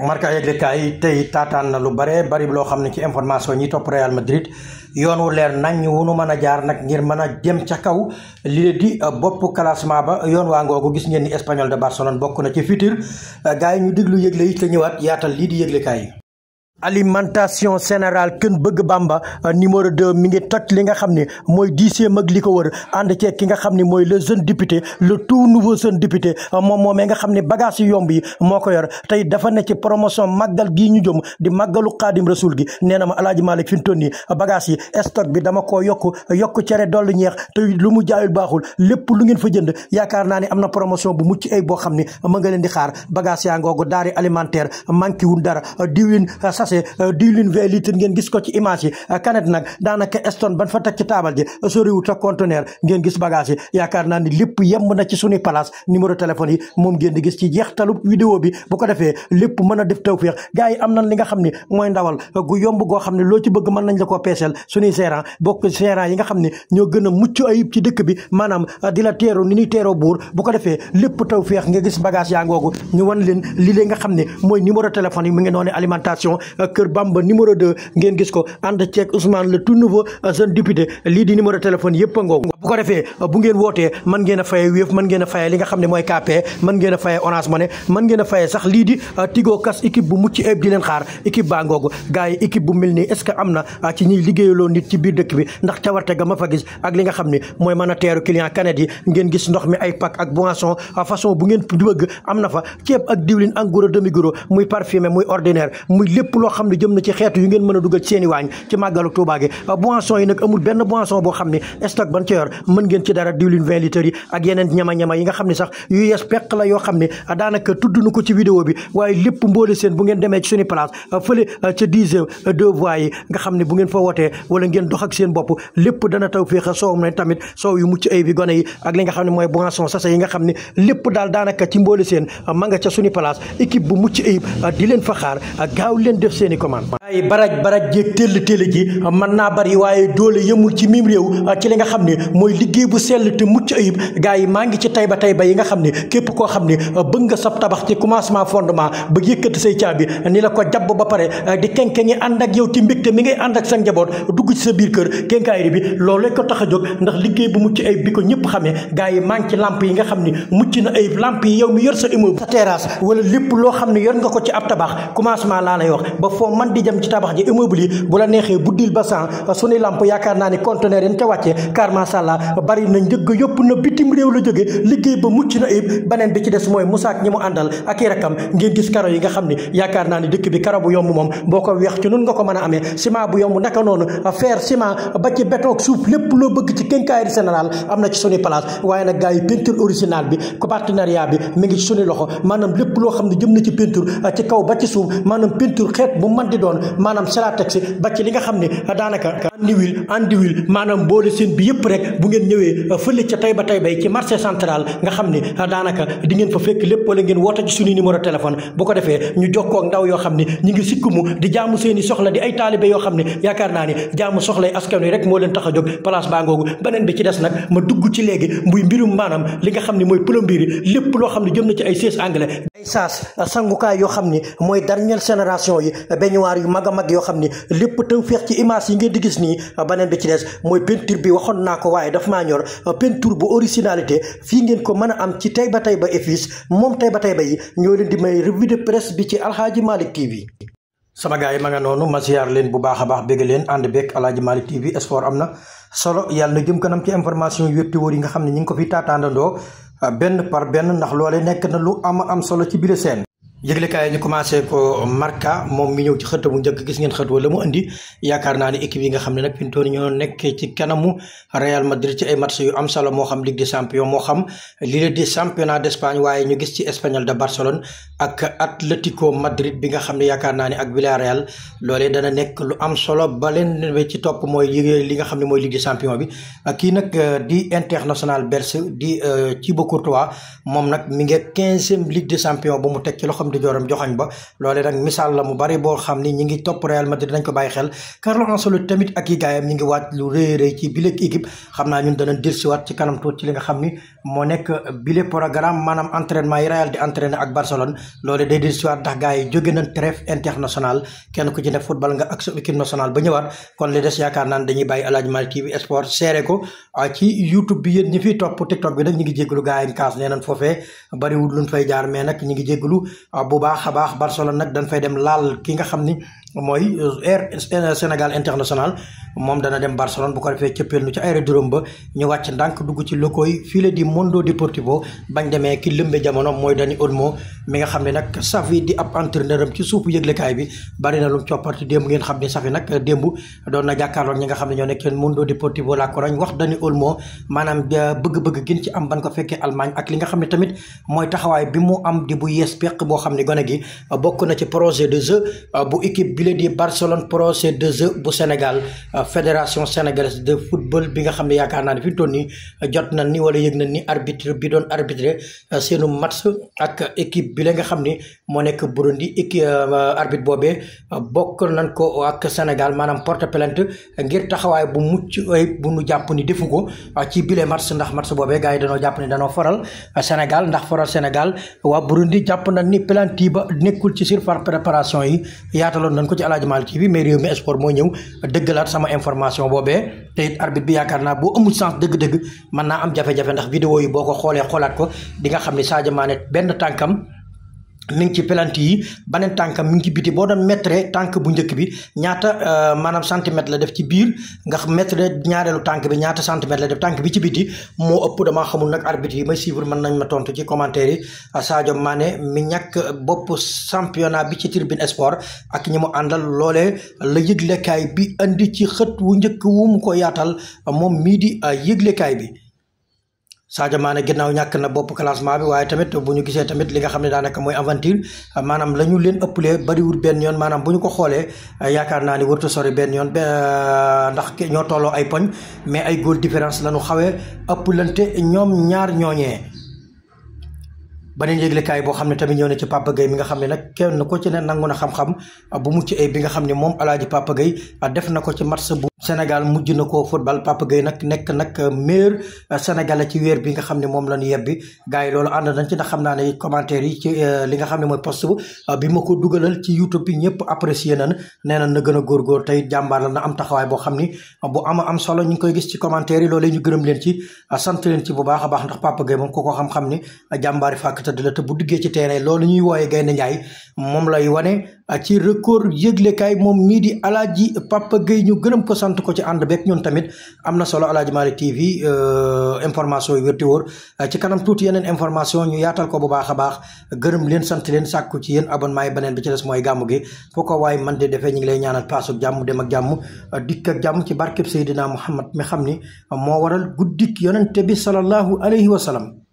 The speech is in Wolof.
marka yëglekaay yi tey taataan na lu bare bari loo xam ne ci information ñi topp Real Madrid yoon wu leer nañ wu nu mën a jaar nag ngir mën a jëm ca kaw li di bopp classement ba yoon waa ngoogu gis ngeen ni Espagnol de Barcelone bokk na ci futur gars yi ñu déglu yëgle yi te ñëwaat yaatal lii di yëglekaay yi alimentation générale Kën Bëgg Bamba euh, numéro 2 mi ngi toj li nga xam ne mooy dixième ak li ko wër ànd ceeg ki nga xam ne mooy le jeune député le tout nouveau jeune député euh, moom moomee nga xam ne bagage yu yomb yi moo ko yor tey dafa ne ci promotion màggal gii ñu jëm di màggalu xaadim rasul gi nee na ma alaaji Malick fi mu toll nii bagage yi stock bi dama koo yokk yokku cere dollu ñeex te lu mu jaayul baaxul lépp lu ngeen fa jënd yaakaar naa ne am na promotion bu mucc ay boo xam ne ma nga leen di xaar bagage yaa ngoogu daari alimentaire manqué wun dara diwlin euh, passé euh, diwlin vingt litres ngeen gis ko ci image yi euh, kanet nag daanaka eston ban fa teg ci taabal ji euh, soriwut ak conteneur ngeen gis bagage yi yaakaar naa ni lépp yemb na ci suñu place numéro téléphone yi moom ngeen di gis ci jeextalu vidéo bi bu ko defee lépp mën a def tawféex gars yi am nañ li nga xam ne mooy ndawal gu yomb goo xam ne loo ci bëgg mën nañ la koo peeseel suñuy gérant bokk gérant yi nga xam ne ñoo gën a mucc ayib ci dëkk bi maanaam di la teeroo ni ñuy teeroo buur bu ko defee lépp tawféex nga gis bagage yaa ngoogu ñu wan leen lii nga xam ne mooy numéro téléphone yi mu ngi noonu alimentation Kër Bamba numéro de ngeen gis ko ànd ceeg Ousmane le tout nouveau jeune député lii di numéro téléphone yëpp a bu ko defee bu ngeen wootee man ngeen a fayee wéef mën ngeen a fayee li nga xam ne mooy kàppee mën ngeen a fayee orange money mën ngeen a fayee sax lii di ah, Tigo Cash équipe bu mucc ayib di leen xaar équipe baa ngoogu gars yi équipe bu mel nii est ce que am na ah, ci ñuy liggéeyaloo nit ci biir dëkk bi ndax cawarte ga ma a gis ak li nga xam ne mooy mën a teeru client kanet yi ngeen gis ndox mi ay pack ak boisson ah, façon bu ngeen bëgg am na fa ceeb ak diwlin en gros demi gros muy parfumé muy ordinaire muy lépp loo xam ne jëm na ci xeetu yu ngeen mën a dugal seeni waañ ci màggalu Tuubaa gi boisson yi nag amul boo xam ne stock ban ci defar mën ngeen ci dara diwlin 20 litres yi ak yeneen ñama-ñama yi nga xam ne sax yu yees peq la yoo xam ne daanaka tudd nu ko ci vidéo bi waaye lépp mboole seen bu ngeen demee ci suñu place euh, fële euh, ca 10 euh, deux voies yi nga xam ne bu ngeen foo wootee wala ngeen dox ak seen bopp lépp dana taw féexa soowum na tamit soow yu mucc ay bi gone yi ak li nga xam ne mooy boisson sachet yi nga xam ne lépp daal daanaka ci mboole seen ma nga ca suñu place équipe bu mucc ayib di leen fa xaar gaaw leen def seen i commande waaye baraj baraj jéeg téll ji mën naa bari waaye doole yëmul ci mim réew ci li nga xam ne mooy liggéey bu sell te mucc ayib gaa yi maa ngi ci tayba tayba yi nga xam ne képp koo xam ni euh, bëgg nga sab tabax ci commencement fondement ba yëkkati say caabi ni la ko jabb ba pare euh, di kenke ak yow ci mbégte mi ngay ànd ak sa njaboot dugg ci sa biir kër kenkaayri bi loolu ko tax a jóg ndax liggéey bu mucc ayib bi ko ñëpp xamee gaa yi maa ngi ci lamp yi nga xam ne mucc na ayib lamp yow mi yor sa wala lépp loo xam ne yor nga ko ci ab tabax commencement laa lay wax ba foo man di jëm ci tabax ji immeuble yi bu la neexee buddil ba san euh, suñu lamp yaakaar naa ni conteneur yi ca wàccee car masha allah bari na njëgg yëpp na bitim réew la jóge liggéey ba mucc na ayib beneen bi ci des mooy Moussa ak ñi mu àndal ak i rakam ngeen gis karo yi nga xam ni yaakaar naa ni dëkk bi karo bu yomb moom boo ko weex ci nun nga ko mën a amee ciment bu yomb naka noonu fer ciment ba ci béton ak suuf lépp loo bëgg ci quincaillerie générale am na ci suñu place waaye nag gars yi peinture originale bi ko partenariat bi mu ngi ci suñu loxo maanaam lépp loo xam ne jëm na ci peinture ah, ci kaw ba ci suuf maanaam peinture xeet bu man di doon maanaam seratex ba ci li nga xam ne daanaka andiwil andiwil maanaam boole seen bi yëpp rek bu ngeen ñëwee euh, fële ca Taïba Taïba yi ci marché central nga xam ni euh, daanaka di ngeen fa fekk lépp wala ngeen woote ci suñu numéro téléphone bu ko defee ñu jokkoo ak ndaw yoo xam ni ñu ngi sikkumu di jaamu seeni soxla di ay taalibe yoo xam ne yaakaar naa ni jaamu soxlay askan wi rek moo leen tax a jóg place baa ngoogu beneen bi ci des nag ma dugg ci léegi muy mbirum maanaam li nga xam ni mooy plombier yi lépp loo xam ne jëm na ci ay sées anglais ay saas sangukaay yoo xam ni mooy dernière génération yi baignoire yu mag a mag yoo xam ni lépp taw feex ci image yi ngeen di gis nii beneen bi ci des mooy peinture bi waaye daf maa ñor euh, peinture bu originalité fii ngeen ko mën a am ci Taïba Taïba effice moom Taïba Taïba yi ñoo leen di may revue de presse bi ci Aladji Malick TV. sama gars yi ma nga noonu ma leen bu baax a baax bégg leen ànd beeg Aladji Malick TV sport am na solo yàlla na jëm kanam ci information yëpp yi nga xam ne ñu ngi ko fi taataandandoo euh, benn par benn ndax loole nekk na lu am am solo ci biir seen. yëglekaay ñu commencé ko Marca moom mi ñëw ci xët bu njëkk gis ngeen xët wala mu indi yaakaar naa ni équipe yi nga xam ne nag pintoon ñoo nekk ci kanamu Real Madrid ci ay match yu am solo moo xam Ligue des Champions moo xam Ligue des Championnat d'Espagne waaye ñu gis ci Espagnol de Barcelone ak Atlético Madrid bi nga xam ne yaakaar naa ne ak Villarreal loole dana nekk lu am solo ba leen ci topp mooy li nga xam ne mooy Ligue des Champions bi kii nag euh, di international belge di euh, Thibaut Courtois moom nag mi ngi quinzième Ligue des Champions ba mu teg ci loxoom di jooram joxañ ba loole nag misaal la mu bari boo xam ni ñi ngi topp Real Madrid dañ ko bàyyi xel Carlo solo tamit ak yi gaayam ñi ngi waaj lu rëy rëy ci bile équipe xam naa ñun dana dellusiwaat ci kanam tuuti ci li nga xam ni moo nekk bile programme maanaam entraînement yi Real di entraîné ak Barcelone loolu day di histoire ndax gars yi jóge nañ trêve international kenn ku ci ne football nga ak sa équipe nationale ba ñëwaat kon li des yaakaar naan dañuy bàyyi Aladji Malick TV sport seere ko ah, ci YouTube bi yéen ñi fiy topp TikTok bi nag ñu ngi jégalu gars yi kaas nee nañ foofee bariwul luñ fay jaar mais nag ñu ngi jégalu ah, bu baax baax Barcelone nag dañ fay dem laal ki nga xam ni mooy air Sénégal international moom dana dem Barcelone bu ko defee cëppeel nu ci aérodrome ba ñu wàcc ndànk dugg ci locaux yi fii la di Mundo Deportivo bañ demee ki lëmbe jamono mooy Dani Olmo mi nga xam ne nag Xavi di ab entraîneur am ci suufu kaay bi bari na lu mu coppati démb ngeen xam ne Xavi nag démb doon na jàkkaarloog ñi nga xam ne ñoo nekk Mundo Deportivo la Corogne wax Dani Olmo maanaam bëgg-bëgg gën ci am ban ko fekkee Allemagne ak li nga xam ne tamit mooy taxawaay bi mu am di bu yees peq boo xam ne gone gi bokk na ci projet de jeu bu équipe bile di Barcelone Pro C2E bu Sénégal euh, fédération sénégalaise de football bi nga xam ne yaakaar naa ne fi mu toll nii euh, jot na ni wala yëg na ni arbitre bi doon arbitré euh, seenu match ak équipe bi la nga xam ni moo nekk Burundi équipe arbitre boobee bokk nañ ko ak Sénégal maanaam porte plainte ngir taxawaay bu mucc ayib bu nu jàpp ni defu ko ci bile match ndax match boobee gars yi danoo jàpp ni danoo faral Sénégal ndax faral Sénégal waa Burundi jàpp nañ ni yi ba nekkul ci surface préparation yi ko ci Aladji Malick TV mais Rewmi Sport moo ñëw dëggalaat sama information boobee te it arbitre bi yaakaar naa boo amul sens dëgg-dëgg mën naa am jafe-jafe ndax vidéo yi boo ko xoolee xoolaat ko di nga xam ne Sadio Mané benn tànkam mi ngi ci pelant yi baneen tànkam mi ngi ci biti boo doon metre tànk bu njëkk bi ñaata euh, maanaam centimètre la def ci biir nga mètre ñaareelu tànk bi ñaata centimètre la def tànk bi ci biti moo ëpp damaa xamul nag arbitre yi may suivre mën nañ ma tontu ci commentaire yi Sadio Mané mi ñàkk bopp championnat bi ci tribune sport ak ñi mu àndal loole la yëglekaay bi andi ci xët wu njëkk wu mu ko yaatal moom mii di euh, yëglekaay bi Sadio Mané ginnaaw ñàkk na bopp classement bi waaye tamit bu ñu gisee tamit li nga xam ne daanaka mooy aventure maanaam la ñu leen ëppalee bariwul benn yoon maanaam bu ñu ko xoolee yaakaar naa ne warta sori benn yoon euh, ndax ñoo tolloo ay poñ mais ay goal différence la ñu xawee ëppalante ñoom ñaar ñooñee. beneen yëglekaay boo xam ne tamit ñëw na ci Papa Gueye mi nga xam ne nag kenn ko ci ne nangu na xam-xam bu mucc ay bi nga xam ne moom Alaaji Papa Gueye def na ko ci match bu Sénégal mujj na ko football Papa Gueye nag nekk nag meilleur sénégalais ci weer bi nga xam ne moom la ñu yebbi gars yi loolu ànd nañ ci ndax xam naa ne commentaire yi ci euh, li nga xam ne mooy post euh, bi ma ko dugalal ci YouTube bi ñëpp apprécié nañ nee na na gën a góorgóor tey jàmbaar la na am taxawaay boo xam ni bu ama am solo ñu ngi koy gis ci commentaire yi loolee ñu gërëm leen ci euh, sant leen ci bu baax a baax ndax Papa Gueye ko ko xam-xam ni jàmbaari fàkk tëdd la te bu duggee ci terrain loolu ñuy wooyee Gaynde Njaay moom lay wane ci record yëglekaay moom mii di alaaji Papa Gueye ñu gërëm ko sant ko ci ànd beeg ñun tamit am na solo Aladji Malick TV euh, information yu wérti wóor ci kanam tuuti yeneen information ñu yaatal ko bu baax a baax gërëm leen sant leen sàkku ci yéen abonnement yi beneen bi ci des mooy gàmmu gi foo ko waaye man de defee ñu ngi lay ñaanal paasu jàmm dem ak jàmm dikk ak jàmm ci barkeb Seydina Muhammad mi xam ni moo waral guddik yonente bi sallallahu alayhi wa sallam